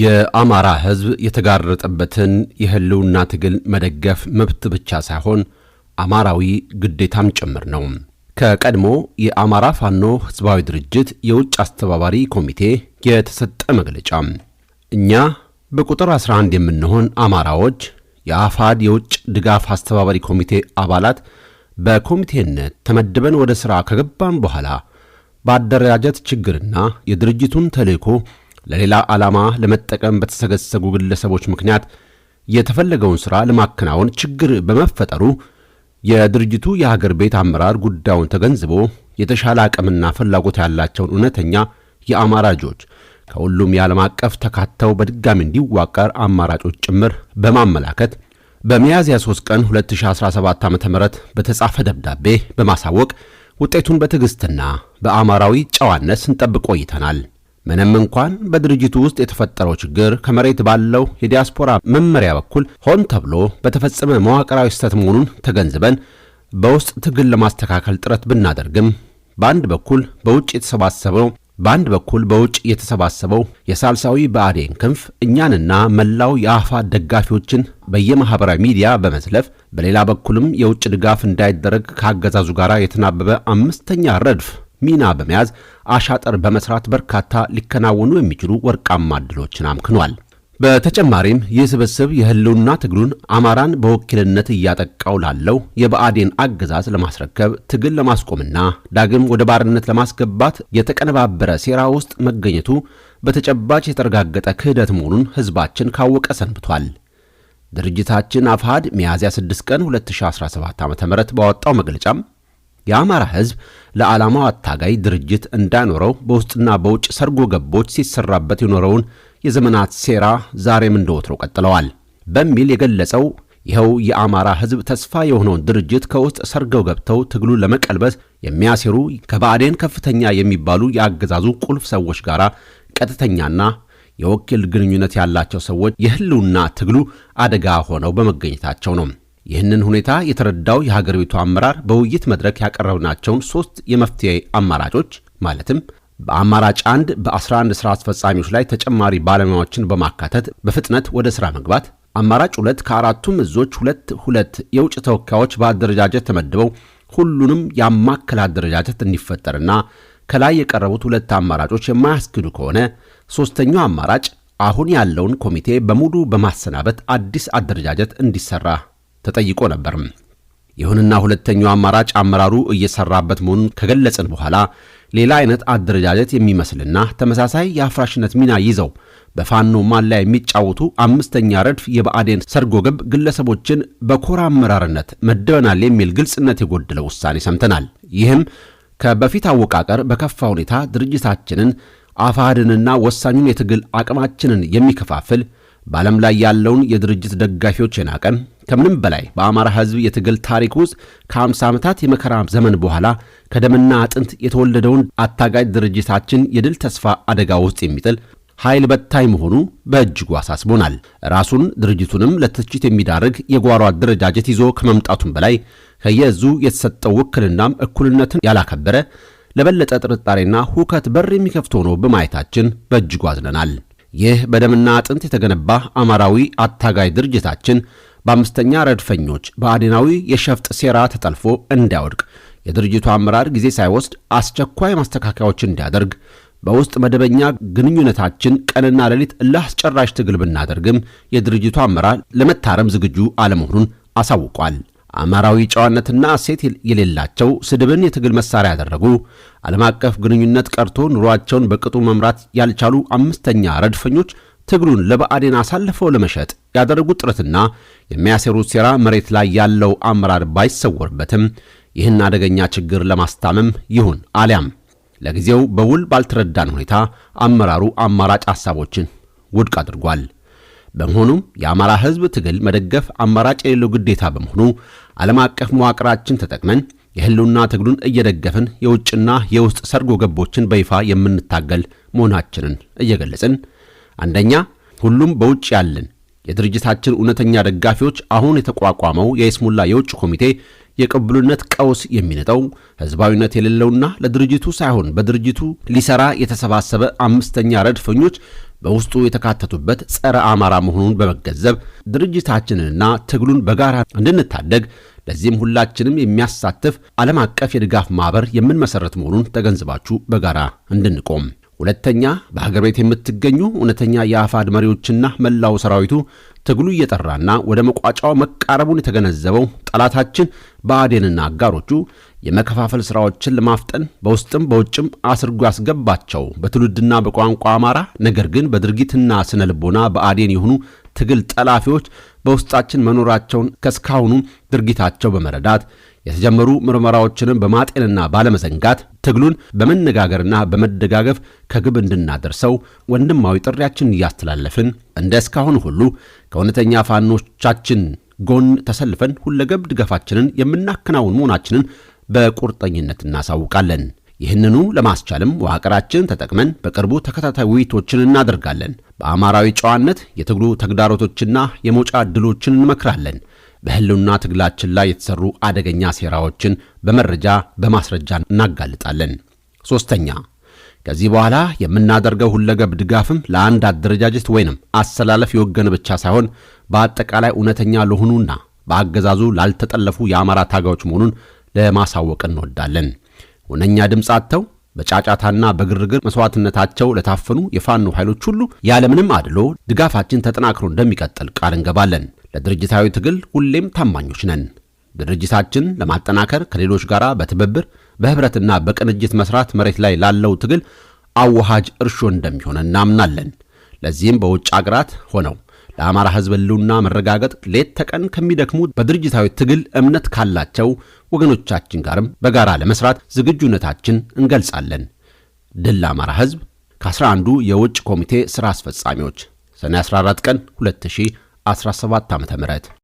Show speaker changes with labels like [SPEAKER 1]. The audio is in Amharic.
[SPEAKER 1] የአማራ ሕዝብ የተጋረጠበትን የህልውና ትግል መደገፍ መብት ብቻ ሳይሆን አማራዊ ግዴታም ጭምር ነው። ከቀድሞ የአማራ ፋኖ ሕዝባዊ ድርጅት የውጭ አስተባባሪ ኮሚቴ የተሰጠ መግለጫ እኛ በቁጥር 11 የምንሆን አማራዎች የአፋድ የውጭ ድጋፍ አስተባባሪ ኮሚቴ አባላት በኮሚቴነት ተመድበን ወደ ሥራ ከገባን በኋላ በአደረጃጀት ችግርና የድርጅቱን ተልዕኮ ለሌላ ዓላማ ለመጠቀም በተሰገሰጉ ግለሰቦች ምክንያት የተፈለገውን ሥራ ለማከናወን ችግር በመፈጠሩ የድርጅቱ የሀገር ቤት አመራር ጉዳዩን ተገንዝቦ የተሻለ አቅምና ፍላጎት ያላቸውን እውነተኛ የአማራጆች ከሁሉም የዓለም አቀፍ ተካተው በድጋሚ እንዲዋቀር አማራጮች ጭምር በማመላከት በሚያዝያ 3 ቀን 2017 ም በተጻፈ ደብዳቤ በማሳወቅ ውጤቱን በትዕግሥትና በአማራዊ ጨዋነት ስንጠብቅ ቆይተናል። ምንም እንኳን በድርጅቱ ውስጥ የተፈጠረው ችግር ከመሬት ባለው የዲያስፖራ መመሪያ በኩል ሆን ተብሎ በተፈጸመ መዋቅራዊ ስህተት መሆኑን ተገንዝበን በውስጥ ትግል ለማስተካከል ጥረት ብናደርግም በአንድ በኩል በውጭ የተሰባሰበው በአንድ በኩል በውጭ የተሰባሰበው የሳልሳዊ ብአዴን ክንፍ እኛንና መላው የአፋ ደጋፊዎችን በየማኅበራዊ ሚዲያ በመዝለፍ በሌላ በኩልም የውጭ ድጋፍ እንዳይደረግ ከአገዛዙ ጋር የተናበበ አምስተኛ ረድፍ ሚና በመያዝ አሻጠር በመስራት በርካታ ሊከናወኑ የሚችሉ ወርቃማ እድሎችን አምክኗል። በተጨማሪም ይህ ስብስብ የህልውና ትግሉን አማራን በወኪልነት እያጠቃው ላለው የብአዴን አገዛዝ ለማስረከብ ትግል ለማስቆምና ዳግም ወደ ባርነት ለማስገባት የተቀነባበረ ሴራ ውስጥ መገኘቱ በተጨባጭ የተረጋገጠ ክህደት መሆኑን ህዝባችን ካወቀ ሰንብቷል። ድርጅታችን አፍሃድ ሚያዝያ 6 ቀን 2017 ዓ.ም ባወጣው መግለጫም የአማራ ህዝብ ለዓላማው አታጋይ ድርጅት እንዳይኖረው በውስጥና በውጭ ሰርጎ ገቦች ሲሰራበት የኖረውን የዘመናት ሴራ ዛሬም እንደወትሮ ቀጥለዋል በሚል የገለጸው ይኸው የአማራ ሕዝብ ተስፋ የሆነውን ድርጅት ከውስጥ ሰርገው ገብተው ትግሉን ለመቀልበስ የሚያሴሩ ከባዕዴን ከፍተኛ የሚባሉ የአገዛዙ ቁልፍ ሰዎች ጋር ቀጥተኛና የወኪል ግንኙነት ያላቸው ሰዎች የህልውና ትግሉ አደጋ ሆነው በመገኘታቸው ነው። ይህንን ሁኔታ የተረዳው የሀገር ቤቱ አመራር በውይይት መድረክ ያቀረብናቸውን ሶስት የመፍትሄ አማራጮች ማለትም በአማራጭ አንድ በ11 ስራ አስፈጻሚዎች ላይ ተጨማሪ ባለሙያዎችን በማካተት በፍጥነት ወደ ስራ መግባት፣ አማራጭ ሁለት ከአራቱም እዞች ሁለት ሁለት የውጭ ተወካዮች በአደረጃጀት ተመድበው ሁሉንም ያማከለ አደረጃጀት እንዲፈጠርና ከላይ የቀረቡት ሁለት አማራጮች የማያስኪዱ ከሆነ ሶስተኛው አማራጭ አሁን ያለውን ኮሚቴ በሙሉ በማሰናበት አዲስ አደረጃጀት እንዲሰራ ተጠይቆ ነበር። ይሁንና ሁለተኛው አማራጭ አመራሩ እየሰራበት መሆኑን ከገለጽን በኋላ ሌላ አይነት አደረጃጀት የሚመስልና ተመሳሳይ የአፍራሽነት ሚና ይዘው በፋኖ ማላ የሚጫወቱ አምስተኛ ረድፍ የብአዴን ሰርጎ ገብ ግለሰቦችን በኮራ አመራርነት መድበናል የሚል ግልጽነት የጎደለው ውሳኔ ሰምተናል። ይህም ከበፊት አወቃቀር በከፋ ሁኔታ ድርጅታችንን አፋሕድንና ወሳኙን የትግል አቅማችንን የሚከፋፍል በዓለም ላይ ያለውን የድርጅት ደጋፊዎች የናቀን ከምንም በላይ በአማራ ሕዝብ የትግል ታሪክ ውስጥ ከ50 ዓመታት የመከራ ዘመን በኋላ ከደምና አጥንት የተወለደውን አታጋጅ ድርጅታችን የድል ተስፋ አደጋ ውስጥ የሚጥል ኃይል በታይ መሆኑ በእጅጉ አሳስቦናል። ራሱን ድርጅቱንም ለትችት የሚዳርግ የጓሮ አደረጃጀት ይዞ ከመምጣቱም በላይ ከየዙ የተሰጠው ውክልናም እኩልነትን ያላከበረ ለበለጠ ጥርጣሬና ሁከት በር የሚከፍት ሆኖ በማየታችን በእጅጉ አዝነናል። ይህ በደምና አጥንት የተገነባ አማራዊ አታጋይ ድርጅታችን በአምስተኛ ረድፈኞች በአዴናዊ የሸፍጥ ሴራ ተጠልፎ እንዳይወድቅ የድርጅቱ አመራር ጊዜ ሳይወስድ አስቸኳይ ማስተካከያዎች እንዲያደርግ በውስጥ መደበኛ ግንኙነታችን ቀንና ሌሊት ለአስጨራሽ ትግል ብናደርግም የድርጅቱ አመራር ለመታረም ዝግጁ አለመሆኑን አሳውቋል። አማራዊ ጨዋነትና እሴት የሌላቸው ስድብን የትግል መሳሪያ ያደረጉ ዓለም አቀፍ ግንኙነት ቀርቶ ኑሯቸውን በቅጡ መምራት ያልቻሉ አምስተኛ ረድፈኞች ትግሉን ለብአዴን አሳልፈው ለመሸጥ ያደረጉት ጥረትና የሚያሴሩት ሴራ መሬት ላይ ያለው አመራር ባይሰወርበትም ይህን አደገኛ ችግር ለማስታመም ይሁን አሊያም ለጊዜው በውል ባልተረዳን ሁኔታ አመራሩ አማራጭ ሐሳቦችን ውድቅ አድርጓል። በመሆኑም የአማራ ሕዝብ ትግል መደገፍ አማራጭ የሌለው ግዴታ በመሆኑ ዓለም አቀፍ መዋቅራችን ተጠቅመን የህልውና ትግሉን እየደገፍን የውጭና የውስጥ ሰርጎ ገቦችን በይፋ የምንታገል መሆናችንን እየገለጽን፣ አንደኛ ሁሉም በውጭ ያለን የድርጅታችን እውነተኛ ደጋፊዎች አሁን የተቋቋመው የይስሙላ የውጭ ኮሚቴ የቅቡልነት ቀውስ የሚነጠው ህዝባዊነት የሌለውና ለድርጅቱ ሳይሆን በድርጅቱ ሊሰራ የተሰባሰበ አምስተኛ ረድፈኞች በውስጡ የተካተቱበት ጸረ አማራ መሆኑን በመገንዘብ ድርጅታችንንና ትግሉን በጋራ እንድንታደግ ለዚህም ሁላችንም የሚያሳትፍ ዓለም አቀፍ የድጋፍ ማኅበር የምንመሠረት መሆኑን ተገንዝባችሁ በጋራ እንድንቆም ሁለተኛ በሀገር ቤት የምትገኙ እውነተኛ የአፋድ መሪዎችና መላው ሰራዊቱ ትግሉ እየጠራና ወደ መቋጫው መቃረቡን የተገነዘበው ጠላታችን ብአዴንና አጋሮቹ የመከፋፈል ስራዎችን ለማፍጠን በውስጥም በውጭም አስርጎ ያስገባቸው በትውልድና በቋንቋ አማራ፣ ነገር ግን በድርጊትና ስነ ልቦና በአዴን የሆኑ ትግል ጠላፊዎች በውስጣችን መኖራቸውን ከስካሁኑ ድርጊታቸው በመረዳት የተጀመሩ ምርመራዎችንም በማጤንና ባለመዘንጋት ትግሉን በመነጋገርና በመደጋገፍ ከግብ እንድናደርሰው ወንድማዊ ጥሪያችን እያስተላለፍን እንደ እስካሁን ሁሉ ከእውነተኛ ፋኖቻችን ጎን ተሰልፈን ሁለገብ ድጋፋችንን የምናከናውን መሆናችንን በቁርጠኝነት እናሳውቃለን። ይህንኑ ለማስቻልም መዋቅራችን ተጠቅመን በቅርቡ ተከታታይ ውይይቶችን እናደርጋለን። በአማራዊ ጨዋነት የትግሉ ተግዳሮቶችና የመውጫ ዕድሎችን እንመክራለን። በህልውና ትግላችን ላይ የተሰሩ አደገኛ ሴራዎችን በመረጃ በማስረጃ እናጋልጣለን። ሶስተኛ ከዚህ በኋላ የምናደርገው ሁለገብ ድጋፍም ለአንድ አደረጃጀት ወይንም አሰላለፍ የወገነ ብቻ ሳይሆን በአጠቃላይ እውነተኛ ለሆኑና በአገዛዙ ላልተጠለፉ የአማራ ታጋዮች መሆኑን ለማሳወቅ እንወዳለን። እውነኛ ድምፅ አጥተው በጫጫታና በግርግር መስዋዕትነታቸው ለታፈኑ የፋኖ ኃይሎች ሁሉ ያለምንም አድሎ ድጋፋችን ተጠናክሮ እንደሚቀጥል ቃል እንገባለን። ለድርጅታዊ ትግል ሁሌም ታማኞች ነን። ድርጅታችን ለማጠናከር ከሌሎች ጋር በትብብር በህብረትና በቅንጅት መስራት መሬት ላይ ላለው ትግል አዋሃጅ እርሾ እንደሚሆን እናምናለን። ለዚህም በውጭ አገራት ሆነው ለአማራ ህዝብ ህልውና መረጋገጥ ሌት ተቀን ከሚደክሙ በድርጅታዊ ትግል እምነት ካላቸው ወገኖቻችን ጋርም በጋራ ለመስራት ዝግጁነታችን እንገልጻለን። ድል ለአማራ ህዝብ ከ11ዱ የውጭ ኮሚቴ ሥራ አስፈጻሚዎች ሰኔ 14 ቀን 2017 .ም